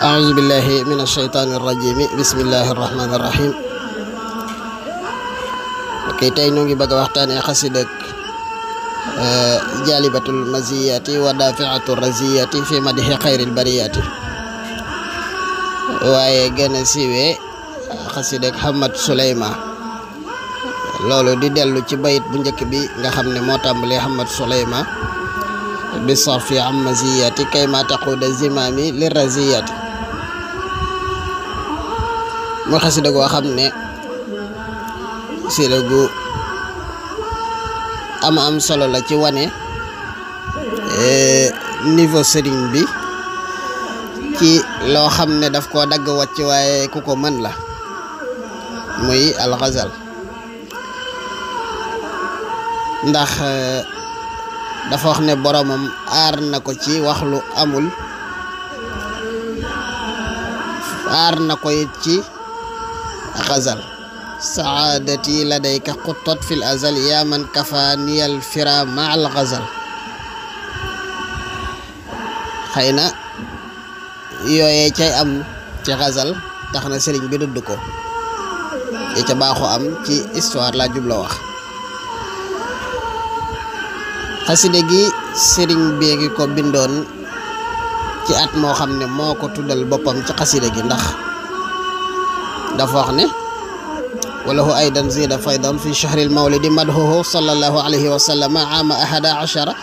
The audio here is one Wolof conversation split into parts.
أعوذ بالله من الشيطان الرجيم بسم الله الرحمن الرحيم ok tey ñu ngi bëgg a waxtaanee xasida eh, jaalibatul maziyati wa dafiatu raziyati waaye gën a siiwee xasida Hamad Suleyma loolu di dellu ci bayit bu njëkk bi nga xam ne moo tàmbalee Hamad Suleyma bi sarfi am maziyati kay ma taquda zimami li raziyati mu xasida goo xam ne xasida gu am am solo la ci wane eh, niveau sëriñ bi ci loo xam ne daf koo dagg wàcc waaye ku ko mën la muy alxasal ndax eh, dafa wax ne boromam aar na ko ci wax lu amul aar na ko ci ladayka سعادتي fil azal ya man kafani al fira ma al ghazal xëyna yoyé cey am ci ghazal taxna serigne bi dudd ko ci ca baxu am ci histoire la jubla wax xaside gi serigne bee ko bindon ci at mo xamne ne tudal ko ci xaside gi ndax دفعني وله أيضا زيد فيضا في شهر المولد مدهوه صلى الله عليه وسلم عام أحد عشر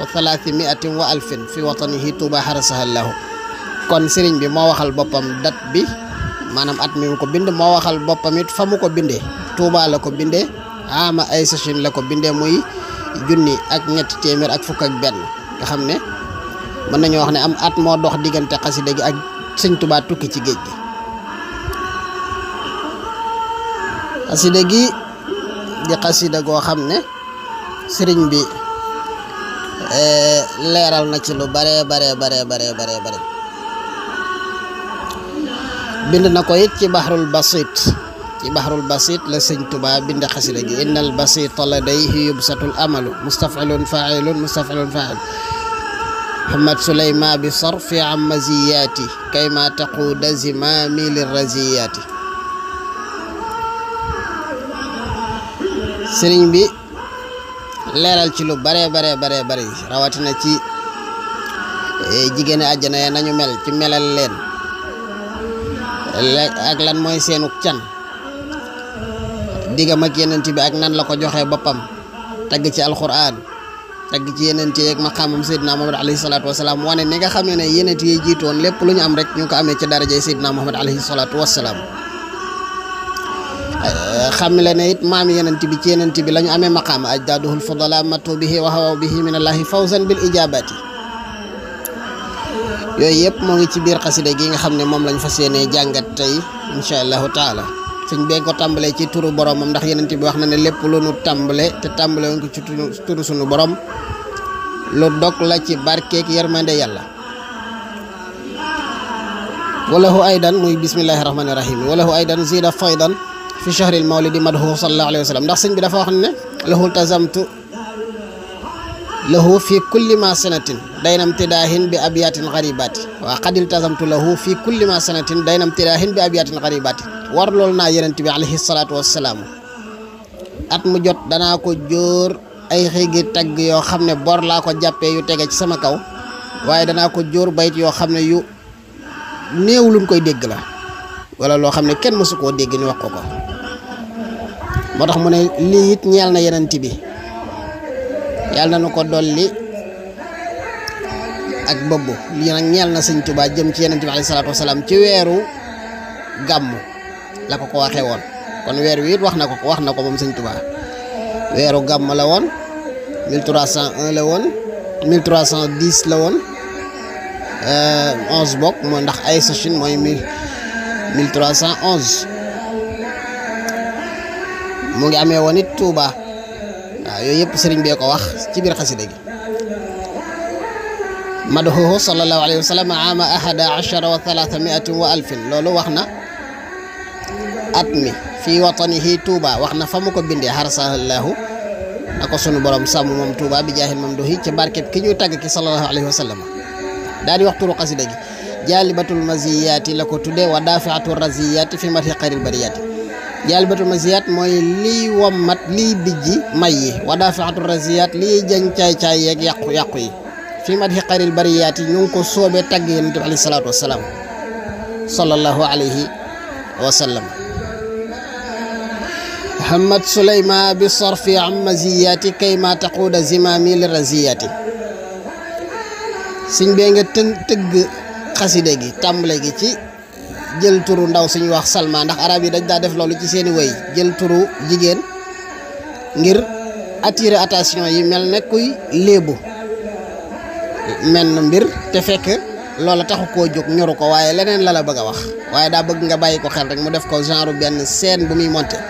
وثلاثمائة وألف في وطنه توبا حرسها الله كون سيرين بي موخ البابام دات بي ما نم أتمي مكو بند موخ البابام فمكو بند توبا لكو بند عام أي سشين لكو بند موي جوني أك نت تيمير أك فوكك بن كخمني من نيوخني أم أت دوخ ديغن تقاسي ديغي أك سين توكي تيغي xasida gi di xasida goo xam ne sëriñ bi leeral na ci lu bare bare bare bare bare bare bind na ko it ci baxrul basit ci baxrul basit la sëñ Tuubaa bind xasida gi innal basita ladayhi yubsatul amalu mustafilun failun mustafilun fail محمد سليمان بصرف عن مزياتي كيما تقود زمامي للرزيات sëriñ bi leeral ci lu baree bare baree bari rawatina ci eh, jigéeni àjjana ya nañu mel ci melal leen ak lan mooy seenu can diggam ak yenent bi ak nan la ko joxee boppam tagg ci alxuraan tagg ci yenent yeeg maqaamam Seydina Muhammad alayhi salaatu wasalaam wane ni nga xamee ne yenent yi jiitoon lépp lu ñu am rek ñu ko amee ci darajay Seydina Muhammad alayhi salaatu wasalaam Eh, xamle ne it maam yenent bi ci yenent bi lañu amé maqam ajdaduhul fudala matu bihi wa hawa bihi min allahi fawzan bil ijabati yoy yep mo ngi ci bir qasida gi nga xam mom lañu fasiyene jangat tay jàngat taala señ be ko tambalé ci turu boromam ndax yenent bi wax na ne lepp lu nu tambalé te tambalé woon ko ci turu sunu borom lu dok la ci ak yermande yalla walahu aidan muy bismillahi rahim walahu aidan zida faydan fi chahril mawlidi madhu sallallahu alayhi wa sallam ndax sëñ bi dafa wax ne lahu tazamtu lahu fi kulli ma sanatin daynam tidaahin bi abiyatin xaribaati waa xadil tazamtu lahu fi kulli ma sanatin daynam tidaahin bi abiyatin xaribaati war lool naa yenent bi alayhi salaatu wassalaam at mu jot danaa ko jóor ay xéegi tagg yoo xam ne bor laa ko jàppee yu tege ci sama kaw waaye danaa ko jóor bayit yoo xam ne yu néew luñ koy dégg la wala loo xam ne kenn mësu koo dégg ñu wax ko ko moo tax mu ne lii it ñeel na yenent bi yàlla na nu ko dolli ak bëbb lii nag ñeel na sëñ tubaa jëm ci yenent bi alayhi salaatu wasalaam ci weeru gàmmu la ko ko waxee woon kon weer wi it wax na ko wax na ko moom sëñ Tuubaa weeru gàmm la woon 1301 la woon 1310 la woon 11 euh, bokk mooy ndax ay sachin mooy 1311 mu ngi amee woon it Touba waaw yooyu yëpp sëriñ bee ko wax ci biir xasida gi madahuhu sallallahu alayhi wa sallam ama ahada achara wa talaata loolu wax na at mi fii watanihi Touba wax na fa mu ko bindee xarasallahu na ko sunu borom sàmm moom Touba bi jaaxil moom doxi ci barkeb ki ñuy tagg ki sallallahu alayhi wa sallam daal di wax turu xasida gi jaalibatul maziyaati la ko tuddee wa daafiatul raziyaati fi mati xaril bariyaati jaalibatul masiyaat mooy liy wommat liy bijji may yi wa daafiatul rasiyaat liy jañ caay-caay yeeg yàqu-yàqu yi fii madhi xayril bariyaat yi ñu ko soobee tagg yonent bi alayhi salaatu wa sallam hamad suleyma bi sarfi an maziyaati kay ma taquuda zimaami li raziyaati siñ bee nga tëgg xaside gi tàmbale gi ci jël turu ndaw suñu wax Salma ndax araab yi dañ daa def loolu ci seeni wëy jël turu jigéen ngir attirer attention yi mel ne kuy léebu mel na mbir te fekk loola taxu koo jóg ñoru ko waaye leneen la la bëgg a wax waaye daa bëgg nga bàyyi ko xel rek mu def ko genre benn seen bu muy monter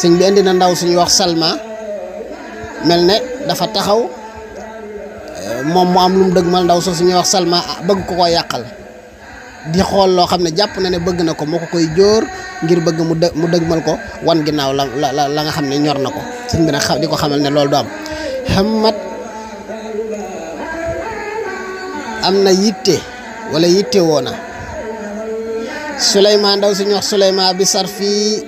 sëñ bi indi na ndaw suñu wax Salma mel ne dafa taxaw moom mu am lu mu dëgg dëgmal ndaw soo suñuy wax Salma ah, bëgg ko koo yàqal di xol lo xamne japp na ne bëgg na ko moo koy jor ngir bëgg mu mu dëgmal ko wan ginaaw la la nga xamne ne ñor na ko sëñ bi di diko xamal ne lool do am xammat amna yitte wala yitte wona sulayman daw suñu wax sulayman bi sarfi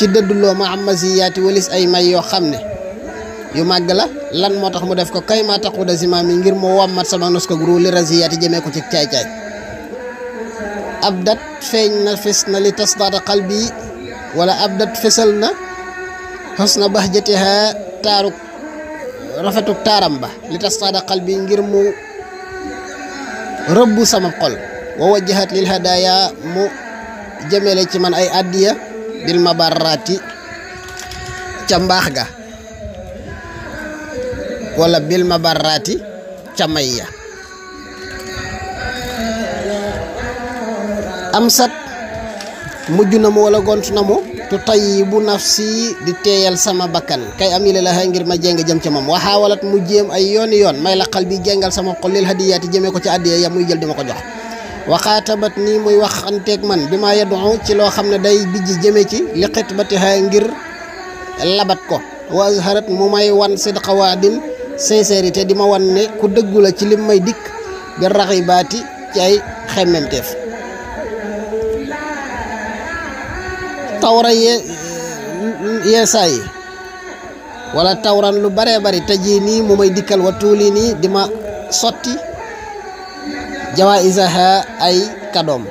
ci deddu lo ma am walis ay may yo xamne yu màgg la lan motax mu def ko kayma maa zimami ngir mo wamat sama nos ko guru li raziyati jeme ko ci tay tay abdat feeñ na fes na li tasdaata qalbi wala abdat fesal na xos na bax jatiha taaruk rafetuk taaram ba li tasdaata qalbi ngir mu rëbb sama xol wa wajjahat lil hadaya mu jamele ci man ay addiya bil mabarraati ca mbaax ga wala bil mabarraati ca may ya amsat mujj na mu wala gont na mu tu tayyibu nafsi di teeyal sama bakkan kay am ila laha ngir ma jéng jëm ca moom waxaawalat mu jéem ay yooni yoon may laqal bi jéngal sama xol lil hadiyaati jëmee ko ci addiya ya muy jël di ma ko jox waxaatabat nii muy waxanteeg man bi maa yadu ci loo xam ne day bijji jëme ci li xitbatiha ngir labat ko waa azharat mu may wan sidqa waadin sincérité di ma wan ne ku dëggu la ci lim may dikk bi raxibaati ci ay xemmemteef tawra yee yeesaa yi wala tawran lu baree bari te jii nii mu may dikkal wa tuuli nii di ma sotti jawaisaha ay kadoom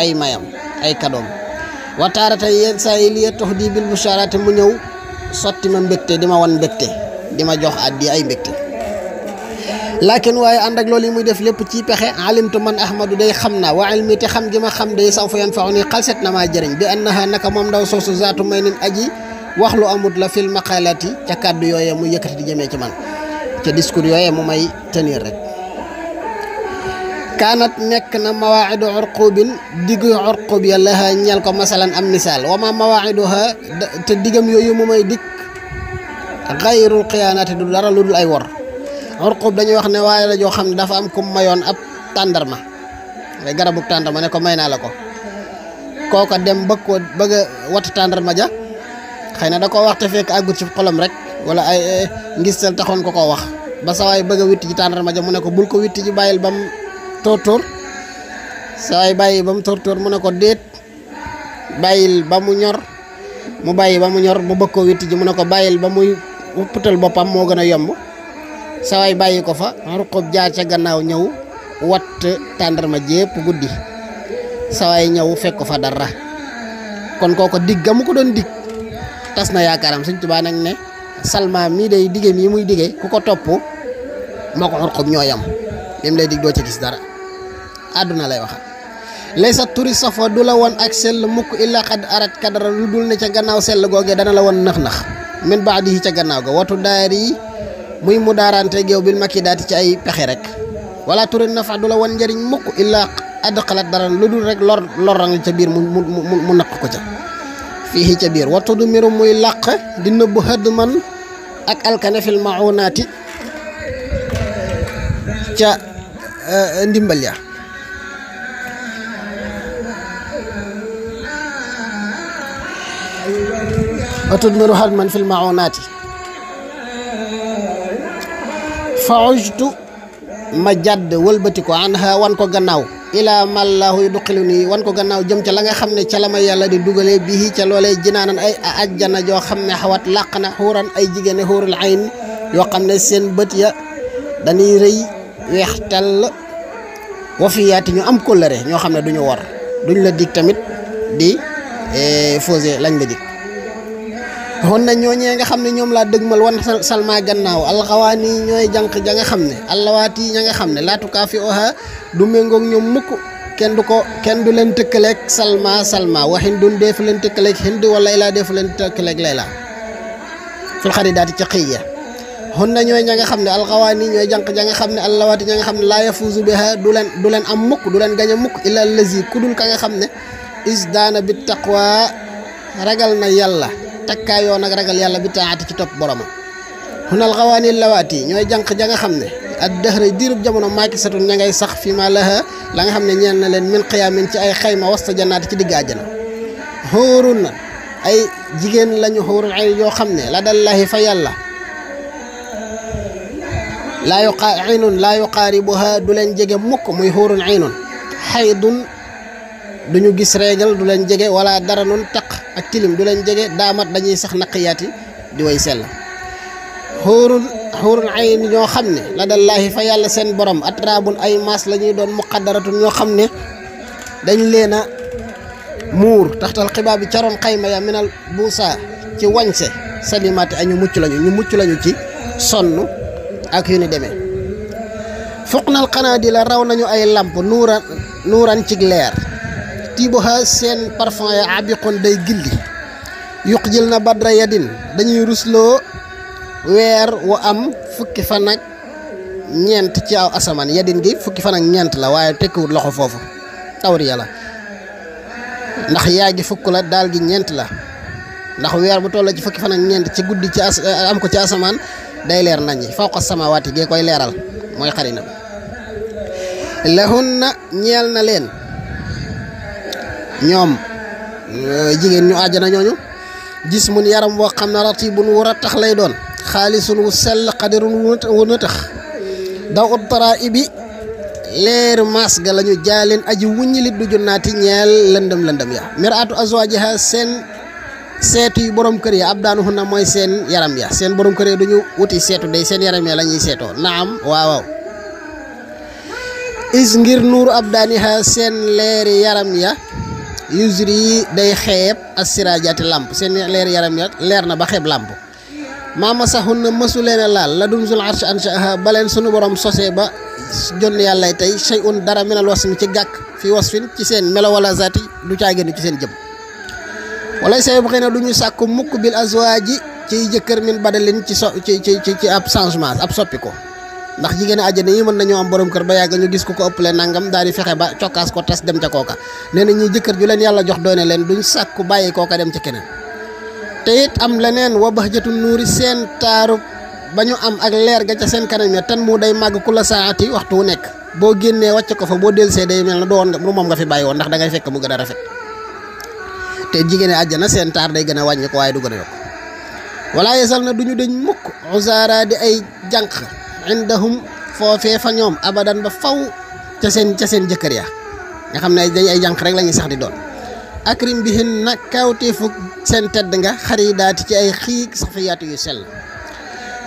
ay mayam ay kadoom wa taarata yenn saa yi liy tox di bil busharaati mu ñëw sotti ma mbégte di ma wan mbégte di ma jox di ay mbégte laakin waaye ànd ak loolu yi muy def lépp ci pexe alimtu man ahmadu day xam naa wa ilmi te xam gi ma xam day saw fa yan nii xalset na maa jëriñ bi annaha naka moom ndaw soosu zaatu may nin aji wax lu amut la fil maqalati ca kàddu yooyee mu yëkkati di jëmee ci man ca discours yooyee mu may tenir rek kaanat nekk na mawaacidu orqubin diggu orqub ya laha ñeel ko masalan am misaal wa ma mawaaciduha te diggam yooyu mu may dikk xayrul xiyaanaati du dara ay Orkob dañuy wax ne way la jo xamni dafa am kum mayon ab ay garabu tandarma ne ko mayna la ko koko dem bëgg ko bëgg wat tandarma ja xeyna da ko wax te fek agut ci xolam rek wala ay ngistal taxon ko ko wax ba saway beug witti ci tandarma ja mu ne ko bul ko witti ci bayil bam tortor saway Bam bam tortor ba mu ko bamu ñor mu bàyyi bamu ñor bu bëgg ko witti ji mu ne ko bàyyil ba mo yomb saway bayi ko fa ruqub jaar ca gannaaw wat watt tàndarma jépp guddi saway ñew fekk ko fa dara kon koko digga ko don dig tas yaakaram señ tuba nak ne Salma mi day dige mi muy dige ku ko topp moo ko ruqub mu lay dig do ci gis dara aduna lay waxa laysa turi safa du la ak illa qad arat kadara ludul ne ca gannaaw sel goge dana la won nakh nakh. min baadi ca gannaaw ga watu daari muy mu daaranteeg yow bil makki daati ci ay pexe rek wala turin nafa du la wan njëriñ mukk illaa adxalat dara lu dul rek lor lorang ca biir mu mu naq ko ca fii ca biir wattu du miru muy làq di nëbb xëdd man ak alkane fil maunaati ca e, ndimbal ya faujtu ma jàdd wëlbati ko anha wan ko gannaaw ilaa mallaahu yu duqilu nii wan ko gannaaw jëm ca la nga xam ne ca la yàlla di dugalee bii ca loolee jinaanan ay ajjana joo xam ne xawat làq na xuuran ay jigéen xuurul ayn yoo xam ne seen bët ya dañuy rëy weextal wafiyaati ñu am kóllëre ñoo xam ne duñu war duñ la dig tamit di eh, fausé lañ la dig xon na ñooñee nga xam ne ñoom laa dëgmal wan salma gannaaw alxawaani ñooy jànq ja nga xam ne allawaat yi ña nga xam ne laatukaa fi oha du méngoog ñoom mukk kenn du ko kenn du leen tëkkaleeg salma salma waxin dun deefu leen tëkkaleeg hind wala ilaa deefu leen tëkkaleeg layla ful xari daati ci xiya xon na ñooy ña nga xam ne alxawaani ñooy jànq ja nga xam ne allawaat yi ña nga xam ne laa yafuusu biha du leen du leen am mukk du leen gañ a mukk illa lazi ku dul ka nga xam ne is daana bi taqwa ragal na yàlla takkaayoo nag ragal yàlla bi taati ci topp boromam hunal xawaani lawaati ñooy jànq ja nga xam ne ak dëxëra diirub jamono maaki satun ña ngay sax fi ma laha la nga xam ne ñeen leen min xiyaamin ci ay xayma wasta jannaati ci digg àjjana xóorun na ay jigéen lañu xóorun ay yoo xam ne la dallahi fa yàlla laa yuqa aynun laa yuqaaribuha du leen jege mukk muy xóorun aynun xaydun duñu gis réegal du leen jege wala dara nun taq ak tilim du leen jege daamat dañuy sax naqiyaati di way sel xuurul xuurul ayn ño xamné la dallaahi fa yalla sen borom atraabun ay mas lañuy ñuy doon muqaddaratun ñoo dañ leena mur taxtal xibaar ci ron xayma ya minal busa ci wañse salimat añu muccu lañu ñu muccu lañu ci sonu ak yu ni demee fuqnal xanaa raw nañu ay lamp nuran nuran ci leer tibuha sen parfum ya abiqon day gilli yuqjilna badra yadin dañuy ruslo wer wo am fukki fan ak asaman ci aw asaman yadin gi fukki fan ak la waye tekkiwut loxo foofu tawriya la ndax yaagi fukku la dal gi ñent la ndax wer bu tollu ci fukki fan ak ci guddi ci eh, am ko ci asaman day leer nañi fawqa samawati ge koy leral moy xarina lahunna na len ñom eh, jigen ñu aljana ñoñu gis mun yaram woo xam ratibun wu ratax lay doon khalisun wu sell xadirun wu natax daw ut taraibi leer mas ga lañu jaalen aji wuññi du junnaati ñeel lëndëm lëndëm ya miratu azwajha sen setu borom keur ya abdanuhuna moy sen yaram ya sen borom keur ya duñu wuti setu day sen yaram ya lañuy seto naam waaw waaw is ngir nuuru abdaniha sen leer yaram ya usur yi day xeeb as siraajaati làmp seen leer yaram ya leer na ba xeeb làmp maama saxun na mësu leen a laal la dum zul arsh anshaha baleen sunu borom sosee ba jonn yàlla tey shay un dara minal wasmi ci gàkk fi wasfin ci seen melo wala zaati du caa ci seen jëm wala say bu xëy na du ñu sàkku mukk bil azwaaji ciy jëkkër min badalin ci so ci ci ci ab changement ab soppi ko ndax jigéen aljana yi mën nañu am borom kër ba yàgg ñu gis ku ko ëppale nangam daal di fexe ba cokkaas ko tas dem ca kooka nee na ñuy jëkkër ju leen yàlla jox doone leen duñ sàkku bàyyi kooka dem ca keneen te am leneen wa bahjatu nuuri seen taaru ba ñu am ak leer ga ca seen kanam ya tan mu day màgg ku la saati waxtu wu nekk boo génnee ko fa boo day mel na doon nga moom nga fi bàyyi woon ndax da ngay fekk mu gën rafet te jigéen aljana seen taar day gën a wàññi ko waaye du gën a yokk wala yesal na duñu deñ mukk usaara di ay jànq indahum foofee fa ñom abadan ba faw ci sen ci sen jëkër ya nga xam dañ ay jank rek la sax di doon akrim bihin nakawti fu sen tedd nga xaridaati ci ay xiig safiyat yu sel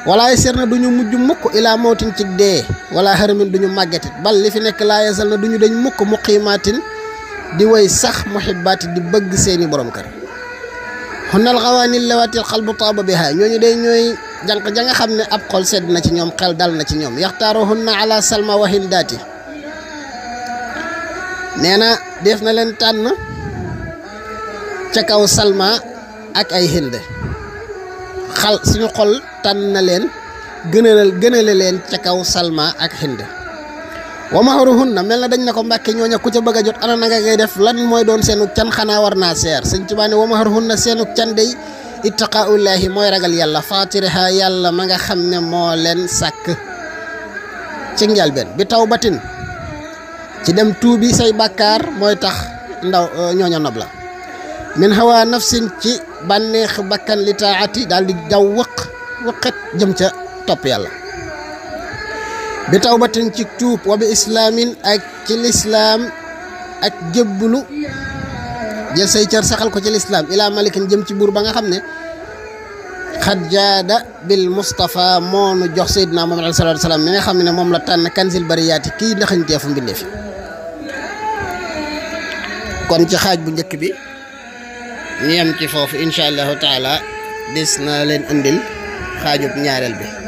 wala ser duñu mujj mukk ila mawtin ci de wala harmin duñu magati bal li fi nek la yasalna duñu dañ mukk muqimatin di way sax muhibbat di bëgg seeni borom kër hunnal lawati al qalbu biha ñoñu day ñoy jànq ja nga xam ne ab xol sedd na ci ñoom xel dal na ci ñoom yaxtaaruhunna ala salma waxin daati nee na def na leen tànn ca kaw salma ak ay xinde xal suñu xol tànn na leen gënalal gënale leen ca kaw salma ak hinde wa mahruhunna mel na dañ ne ko mbàkke ñooña ku ca bëgg a jot ana na nga ngay def lan mooy doon seenug can xanaa war naa seer sëñ Tuubaa ne wa mahruhunna seenug can day ittaqaullahi mooy ragal yàlla faatiriha yàlla ma nga xam ne moo leen sàkk ci njalbeen bi taw ci dem tuubi say bakar mooy tax ndaw euh, ñooña nob min hawa nafsin ci bànneex bakkan li taati daal di daw wëq wëqet jëm ca topp yàlla bi tawbatin ci tuub wa bi ak ci ak jël say cër saxal ko ci lislaam ilaa malikin jëm ci buur ba nga xam ne xat jaada bil Moustapha moo jox Seydina Muhammad alayhi salaatu wa mi nga xam ne moom la tànn kansil bariyaati kii ndaxañteefu mbindeef yi kon ci xaaj bu njëkk bi ñu yem ci foofu incha allahu taala des na leen indil xaajub ñaareel bi